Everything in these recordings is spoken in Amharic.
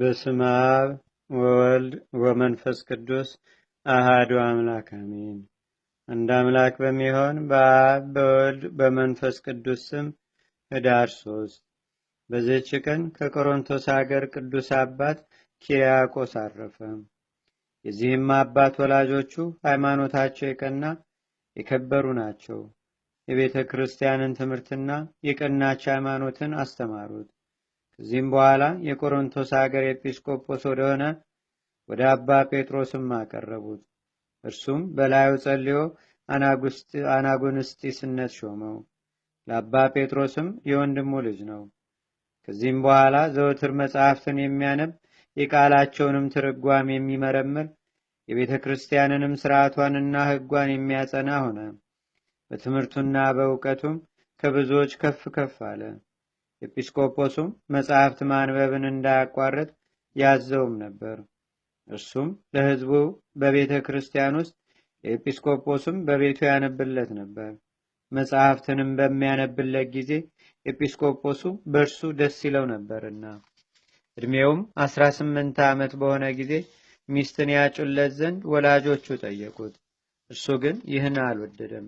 በስመ አብ ወወልድ ወመንፈስ ቅዱስ አሃዱ አምላክ አሜን። አንድ አምላክ በሚሆን በአብ በወልድ በመንፈስ ቅዱስ ስም ህዳር ሶስት በዚህች ቀን ከቆሮንቶስ አገር ቅዱስ አባት ኪሪያቆስ አረፈ። የዚህም አባት ወላጆቹ ሃይማኖታቸው የቀና የከበሩ ናቸው። የቤተ ክርስቲያንን ትምህርትና የቀናች ሃይማኖትን አስተማሩት። ከዚህም በኋላ የቆሮንቶስ አገር ኤጲስቆጶስ ወደሆነ ወደ አባ ጴጥሮስም አቀረቡት። እርሱም በላዩ ጸልዮ አናጎንስጢስነት ሾመው። ለአባ ጴጥሮስም የወንድሙ ልጅ ነው። ከዚህም በኋላ ዘወትር መጽሐፍትን የሚያነብ የቃላቸውንም ትርጓም የሚመረምር የቤተ ክርስቲያንንም ስርዓቷንና ህጓን የሚያጸና ሆነ። በትምህርቱና በእውቀቱም ከብዙዎች ከፍ ከፍ አለ። ኤጲስቆጶሱም መጽሐፍት ማንበብን እንዳያቋርጥ ያዘውም ነበር። እርሱም ለሕዝቡ በቤተ ክርስቲያን ውስጥ ኤጲስቆጶስም በቤቱ ያነብለት ነበር። መጽሐፍትንም በሚያነብለት ጊዜ ኤጲስቆጶሱ በእርሱ ደስ ይለው ነበርና ዕድሜውም አስራ ስምንት ዓመት በሆነ ጊዜ ሚስትን ያጩለት ዘንድ ወላጆቹ ጠየቁት። እርሱ ግን ይህን አልወደደም።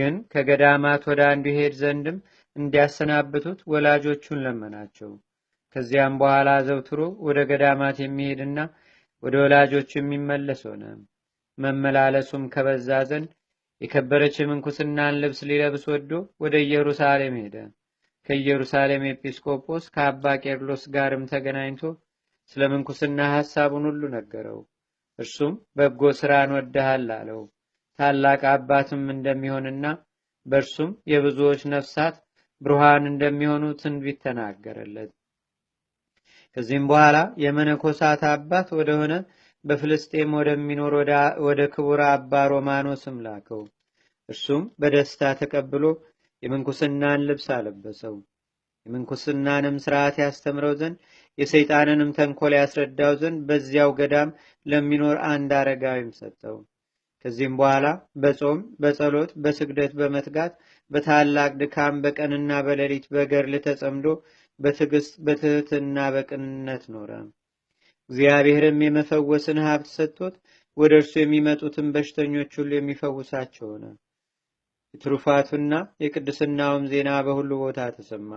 ግን ከገዳማት ወደ አንዱ ይሄድ ዘንድም እንዲያሰናብቱት ወላጆቹን ለመናቸው። ከዚያም በኋላ ዘውትሮ ወደ ገዳማት የሚሄድና ወደ ወላጆቹ የሚመለስ ሆነ። መመላለሱም ከበዛ ዘንድ የከበረች ምንኩስናን ልብስ ሊለብስ ወዶ ወደ ኢየሩሳሌም ሄደ። ከኢየሩሳሌም ኤጲስቆጶስ ከአባ ቄርሎስ ጋርም ተገናኝቶ ስለ ምንኩስና ሐሳቡን ሁሉ ነገረው። እርሱም በጎ ሥራን ወድሃል አለው። ታላቅ አባትም እንደሚሆንና በእርሱም የብዙዎች ነፍሳት ብሩሃን እንደሚሆኑ ትንቢት ተናገረለት። ከዚህም በኋላ የመነኮሳት አባት ወደሆነ በፍልስጤም ወደሚኖር ወደ ክቡር አባ ሮማኖስም ላከው። እርሱም በደስታ ተቀብሎ የምንኩስናን ልብስ አለበሰው። የምንኩስናንም ስርዓት ያስተምረው ዘንድ የሰይጣንንም ተንኮል ያስረዳው ዘንድ በዚያው ገዳም ለሚኖር አንድ አረጋዊም ሰጠው። ከዚህም በኋላ በጾም በጸሎት በስግደት በመትጋት በታላቅ ድካም በቀንና በሌሊት በገርል ተጸምዶ በትዕግስት በትህትና በቅንነት ኖረ። እግዚአብሔርም የመፈወስን ሀብት ሰጥቶት ወደ እርሱ የሚመጡትን በሽተኞች ሁሉ የሚፈውሳቸው ሆነ። የትሩፋቱና የቅድስናውም ዜና በሁሉ ቦታ ተሰማ።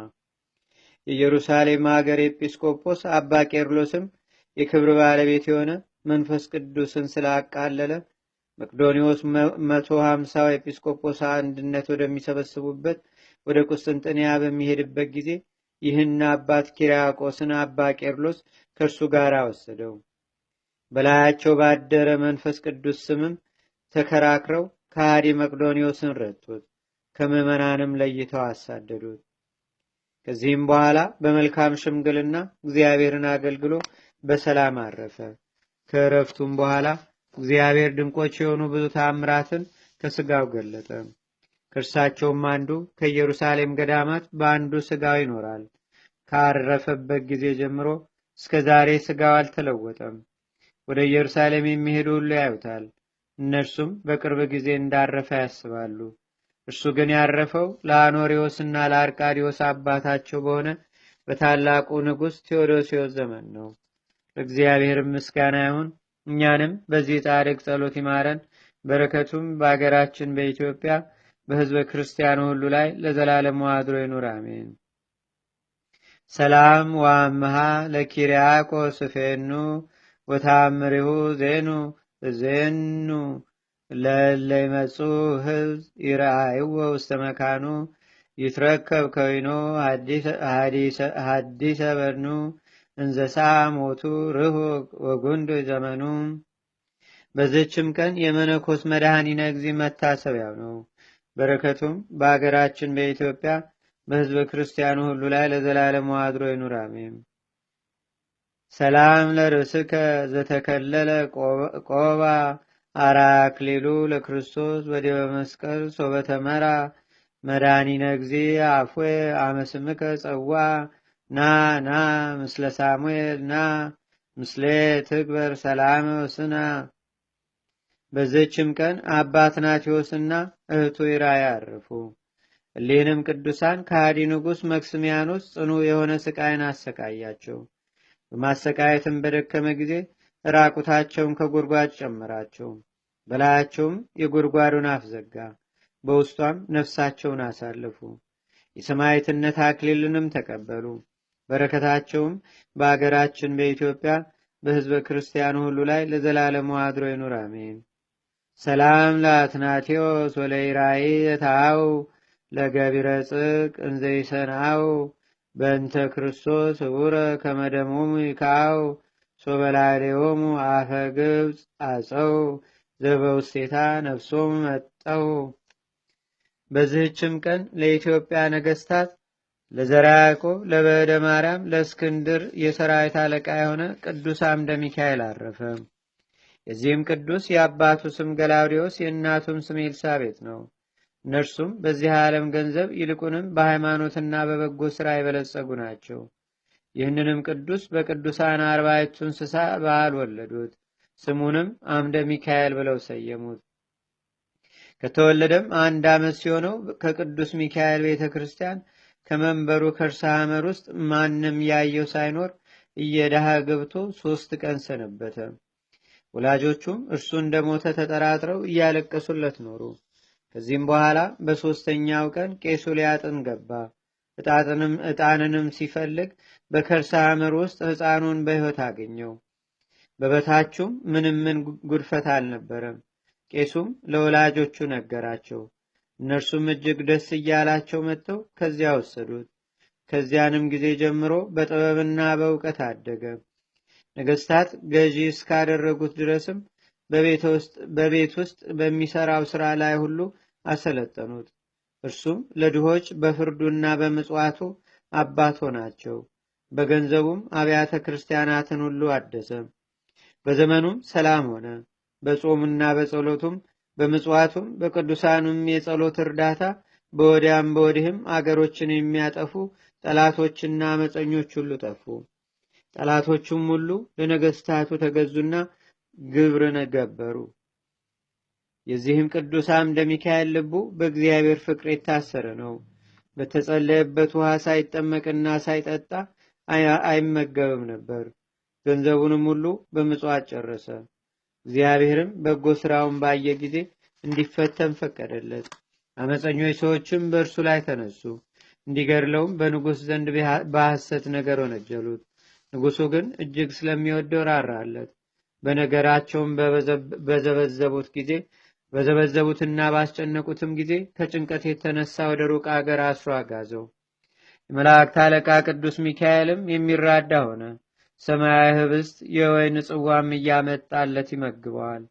የኢየሩሳሌም ሀገር ኤጲስቆጶስ አባ ቄርሎስም የክብር ባለቤት የሆነ መንፈስ ቅዱስን ስላቃለለ መቅዶኒዎስ መቶ ሀምሳው አንድነት ወደሚሰበስቡበት ወደ ቁስጥንጥንያ በሚሄድበት ጊዜ ይህን አባት ኪርያቆስን አባ ቄርሎስ ከእርሱ ጋር ወሰደው። በላያቸው ባደረ መንፈስ ቅዱስ ስምም ተከራክረው ከሃዲ መቅዶኒዎስን ረቱት፣ ከምዕመናንም ለይተው አሳደዱት። ከዚህም በኋላ በመልካም ሽምግልና እግዚአብሔርን አገልግሎ በሰላም አረፈ። ከእረፍቱም በኋላ እግዚአብሔር ድንቆች የሆኑ ብዙ ታምራትን ከስጋው ገለጠ። ከእርሳቸውም አንዱ ከኢየሩሳሌም ገዳማት በአንዱ ስጋው ይኖራል። ካረፈበት ጊዜ ጀምሮ እስከ ዛሬ ስጋው አልተለወጠም። ወደ ኢየሩሳሌም የሚሄዱ ሁሉ ያዩታል። እነርሱም በቅርብ ጊዜ እንዳረፈ ያስባሉ። እርሱ ግን ያረፈው ለአኖሪዎስና ለአርቃዲዎስ አባታቸው በሆነ በታላቁ ንጉሥ ቴዎዶሲዎስ ዘመን ነው። ለእግዚአብሔር ምስጋና ይሁን። እኛንም በዚህ ጻድቅ ጸሎት ይማረን። በረከቱም በአገራችን በኢትዮጵያ በሕዝበ ክርስቲያኑ ሁሉ ላይ ለዘላለም አድሮ ይኑር፣ አሜን። ሰላም ዋምሃ ለኪርያቆ ስፌኑ ወታምሪሁ ዜኑ ዜኑ ለለይመፁ ህዝብ ይረአይዎ ውስተ መካኑ ይትረከብ ከይኖ ሀዲሰ በድኑ እንዘሳ ሞቱ ርህ ወጎንዶ ዘመኑ። በዘችም ቀን የመነኮስ መድኃኒነ ጊዜ መታሰቢያው ነው። በረከቱም በሀገራችን በኢትዮጵያ በህዝበ ክርስቲያኑ ሁሉ ላይ ለዘላለም አድሮ ይኑር ሰላም ለርእስከ ዘተከለለ ቆባ አራክሊሉ ለክርስቶስ ወዲበ በመስቀል ሶበተመራ መድኃኒነ ጊዜ አፎ አመስምከ ጸዋ ና ና ምስለ ሳሙኤል ና ምስሌ ትግበር ሰላም ወስና። በዘችም ቀን አባት አትናቴዎስና እህቱ ይራ ያርፉ። እሊህንም ቅዱሳን ከሃዲ ንጉሥ መክስሚያኖስ ጽኑ የሆነ ስቃይን አሰቃያቸው። በማሰቃየትም በደከመ ጊዜ ራቁታቸውን ከጉድጓድ ጨምራቸው በላያቸውም የጉድጓዱን አፍ ዘጋ። በውስጧም ነፍሳቸውን አሳለፉ። የሰማዕትነት አክሊልንም ተቀበሉ። በረከታቸውም በአገራችን በኢትዮጵያ በህዝበ ክርስቲያኑ ሁሉ ላይ ለዘላለሙ አድሮ ይኑር፣ አሜን። ሰላም ለአትናቴዎስ ወለይራይ የታው ለገቢረ ጽቅ እንዘይሰናው በእንተ ክርስቶስ ውረ ከመደሞሙ ይካው ሶበላሌሆሙ አፈ ግብፅ አፀው ዘበውስቴታ ነፍሶም መጠው። በዚህችም ቀን ለኢትዮጵያ ነገስታት ለዘራ ያዕቆብ ለበደ ማርያም ለእስክንድር የሰራዊት አለቃ የሆነ ቅዱስ አምደ ሚካኤል አረፈ። የዚህም ቅዱስ የአባቱ ስም ገላውዴዎስ የእናቱም ስም ኤልሳቤጥ ነው። እነርሱም በዚህ ዓለም ገንዘብ ይልቁንም በሃይማኖትና በበጎ ሥራ የበለጸጉ ናቸው። ይህንንም ቅዱስ በቅዱሳን አርባይቱ እንስሳ በዓል ወለዱት። ስሙንም አምደ ሚካኤል ብለው ሰየሙት። ከተወለደም አንድ ዓመት ሲሆነው ከቅዱስ ሚካኤል ቤተ ክርስቲያን ከመንበሩ ከእርሳ ውስጥ ማንም ያየው ሳይኖር እየዳሃ ገብቶ ሶስት ቀን ሰነበተ። ወላጆቹም እርሱ እንደሞተ ተጠራጥረው እያለቀሱለት ኖሩ። ከዚህም በኋላ በሦስተኛው ቀን ቄሱ ሊያጥን ገባ። ዕጣንንም ሲፈልግ በከርሳ ሐመር ውስጥ ሕፃኑን በሕይወት አገኘው። በበታቹም ምንም ምን ጉድፈት አልነበረም። ቄሱም ለወላጆቹ ነገራቸው። እነርሱም እጅግ ደስ እያላቸው መጥተው ከዚያ ወሰዱት። ከዚያንም ጊዜ ጀምሮ በጥበብና በእውቀት አደገ። ነገስታት ገዢ እስካደረጉት ድረስም በቤት ውስጥ በሚሰራው ስራ ላይ ሁሉ አሰለጠኑት። እርሱም ለድሆች በፍርዱና በምጽዋቱ አባቶ ናቸው። በገንዘቡም አብያተ ክርስቲያናትን ሁሉ አደሰ። በዘመኑም ሰላም ሆነ። በጾሙና በጸሎቱም በምጽዋቱም በቅዱሳኑም የጸሎት እርዳታ በወዲያም በወዲህም አገሮችን የሚያጠፉ ጠላቶችና አመፀኞች ሁሉ ጠፉ። ጠላቶቹም ሁሉ ለነገስታቱ ተገዙና ግብር ነገበሩ። የዚህም ቅዱስ አምደ ሚካኤል ልቡ በእግዚአብሔር ፍቅር የታሰረ ነው። በተጸለየበት ውሃ ሳይጠመቅና ሳይጠጣ አይመገብም ነበር። ገንዘቡንም ሁሉ በምጽዋት ጨረሰ። እግዚአብሔርም በጎ ስራውን ባየ ጊዜ እንዲፈተን ፈቀደለት። አመፀኞች ሰዎችም በእርሱ ላይ ተነሱ፣ እንዲገድለውም በንጉሥ ዘንድ በሐሰት ነገር ወነጀሉት። ንጉሡ ግን እጅግ ስለሚወደው ራራለት። በነገራቸውም በዘበዘቡት ጊዜ በዘበዘቡትና ባስጨነቁትም ጊዜ ከጭንቀት የተነሳ ወደ ሩቅ አገር አስሮ አጋዘው። የመላእክት አለቃ ቅዱስ ሚካኤልም የሚራዳ ሆነ። ሰማያዊ ህብስት፣ የወይን ጽዋም እያመጣለት ይመግበዋል።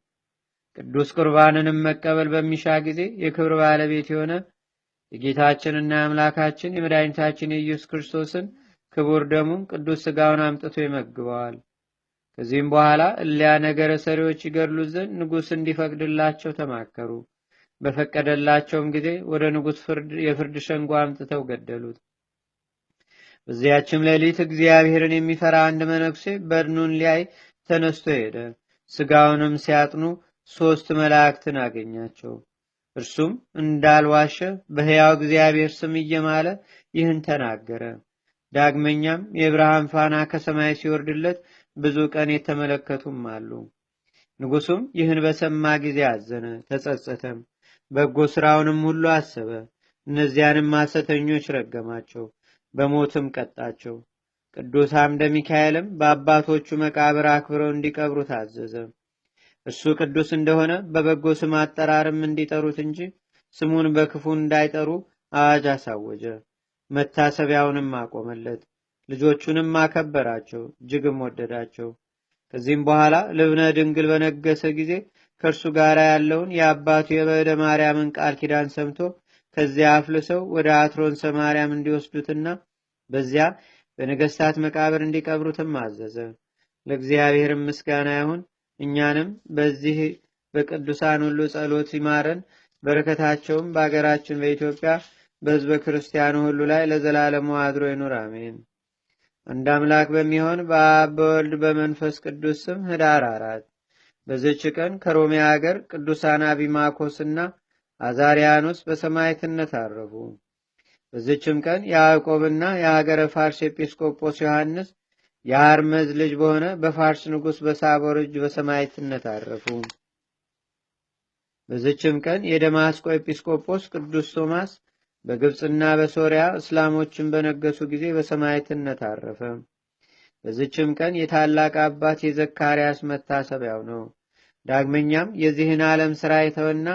ቅዱስ ቁርባንንም መቀበል በሚሻ ጊዜ የክብር ባለቤት የሆነ የጌታችንና የአምላካችን የመድኃኒታችን የኢየሱስ ክርስቶስን ክቡር ደሙን ቅዱስ ሥጋውን አምጥቶ ይመግበዋል። ከዚህም በኋላ እሊያ ነገረ ሰሪዎች ይገድሉት ዘንድ ንጉሥ እንዲፈቅድላቸው ተማከሩ። በፈቀደላቸውም ጊዜ ወደ ንጉሥ የፍርድ ሸንጎ አምጥተው ገደሉት። በዚያችም ሌሊት እግዚአብሔርን የሚፈራ አንድ መነኩሴ በድኑን ሊያይ ተነስቶ ሄደ። ስጋውንም ሲያጥኑ ሶስት መላእክትን አገኛቸው። እርሱም እንዳልዋሸ በሕያው እግዚአብሔር ስም እየማለ ይህን ተናገረ። ዳግመኛም የብርሃን ፋና ከሰማይ ሲወርድለት ብዙ ቀን የተመለከቱም አሉ። ንጉሱም ይህን በሰማ ጊዜ አዘነ፣ ተጸጸተም። በጎ ሥራውንም ሁሉ አሰበ። እነዚያንም ማሰተኞች ረገማቸው በሞትም ቀጣቸው። ቅዱስ አምደ ሚካኤልም በአባቶቹ መቃብር አክብረው እንዲቀብሩ ታዘዘ። እሱ ቅዱስ እንደሆነ በበጎ ስም አጠራርም እንዲጠሩት እንጂ ስሙን በክፉ እንዳይጠሩ አዋጅ አሳወጀ። መታሰቢያውንም አቆመለት። ልጆቹንም አከበራቸው፣ እጅግም ወደዳቸው። ከዚህም በኋላ ልብነ ድንግል በነገሰ ጊዜ ከእርሱ ጋር ያለውን የአባቱ የበደ ማርያምን ቃል ኪዳን ሰምቶ ከዚያ አፍልሰው ወደ አትሮን ሰማርያም እንዲወስዱትና በዚያ በነገስታት መቃብር እንዲቀብሩትም አዘዘ። ለእግዚአብሔር ምስጋና ይሁን። እኛንም በዚህ በቅዱሳን ሁሉ ጸሎት ይማረን። በረከታቸውም በአገራችን በኢትዮጵያ በህዝበ ክርስቲያኑ ሁሉ ላይ ለዘላለሙ አድሮ ይኑር፣ አሜን። አንድ አምላክ በሚሆን በአብ በወልድ በመንፈስ ቅዱስ ስም ህዳር አራት በዘች ቀን ከሮሚያ አገር ቅዱሳን አቢማኮስና አዛሪያኖስ በሰማይትነት አረፉ። በዚችም ቀን ያዕቆብና የሀገረ ፋርስ ኤጲስቆጶስ ዮሐንስ የአርመዝ ልጅ በሆነ በፋርስ ንጉሥ በሳቦር እጅ በሰማይትነት አረፉ። በዚችም ቀን የደማስቆ ኤጲስቆጶስ ቅዱስ ቶማስ በግብፅና በሶሪያ እስላሞችን በነገሱ ጊዜ በሰማይትነት አረፈ። በዚችም ቀን የታላቅ አባት የዘካርያስ መታሰቢያው ነው። ዳግመኛም የዚህን ዓለም ሥራ የተወና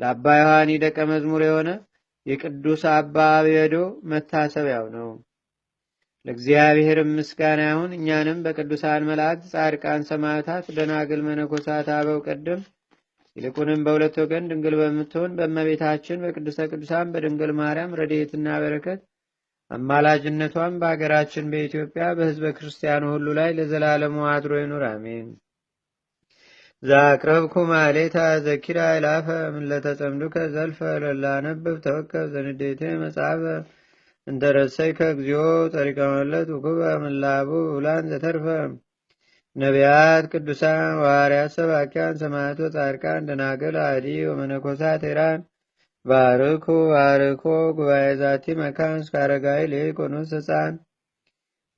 ለአባ ዮሐኒ ደቀ መዝሙር የሆነ የቅዱስ አባ አብየዶ መታሰቢያው ነው። ለእግዚአብሔር ምስጋና ይሁን። እኛንም በቅዱሳን መላእክት፣ ጻድቃን፣ ሰማዕታት፣ ደናግል፣ መነኮሳት፣ አበው ቀደም ይልቁንም በሁለት ወገን ድንግል በምትሆን በእመቤታችን በቅድስተ ቅዱሳን በድንግል ማርያም ረድኤትና በረከት አማላጅነቷም በአገራችን በኢትዮጵያ በሕዝበ ክርስቲያኑ ሁሉ ላይ ለዘላለሙ አድሮ ይኑር። አሜን። ዛቅረብኩ ማሌታ ዘኪራ ይላፈ ምለተጸምዱከ ዘልፈ ለላነብብ ተወከብ ዘንዴቴ መጻፈ እንተረሰይ ከእግዚኦ ጸሪቀ መለት ውኩበ ምላቡ ውላን ዘተርፈ ነቢያት ቅዱሳን ዋርያት ሰባኪያን ሰማያት ጻድቃን ደናግል አዲ ወመነኮሳት ቴራን ባርኩ ባርኮ ጉባኤ ዛቲ መካን እስካረጋይ ልቆኑስ ህፃን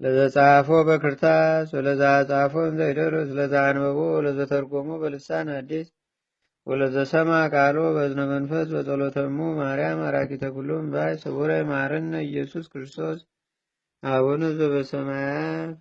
ለዘጻፎ በክርታስ ወለዛ ጻፎ ዘይደርስ ለዛ አንበቦ ለዘተርጎሞ በልሳን አዲስ ወለዘሰማ ቃሎ በዝነ መንፈስ በጸሎተሙ ማርያም አራኪተ ኩሎም ባይ ስቡረ ማርነ ኢየሱስ ክርስቶስ አቡነ ዘበሰማያት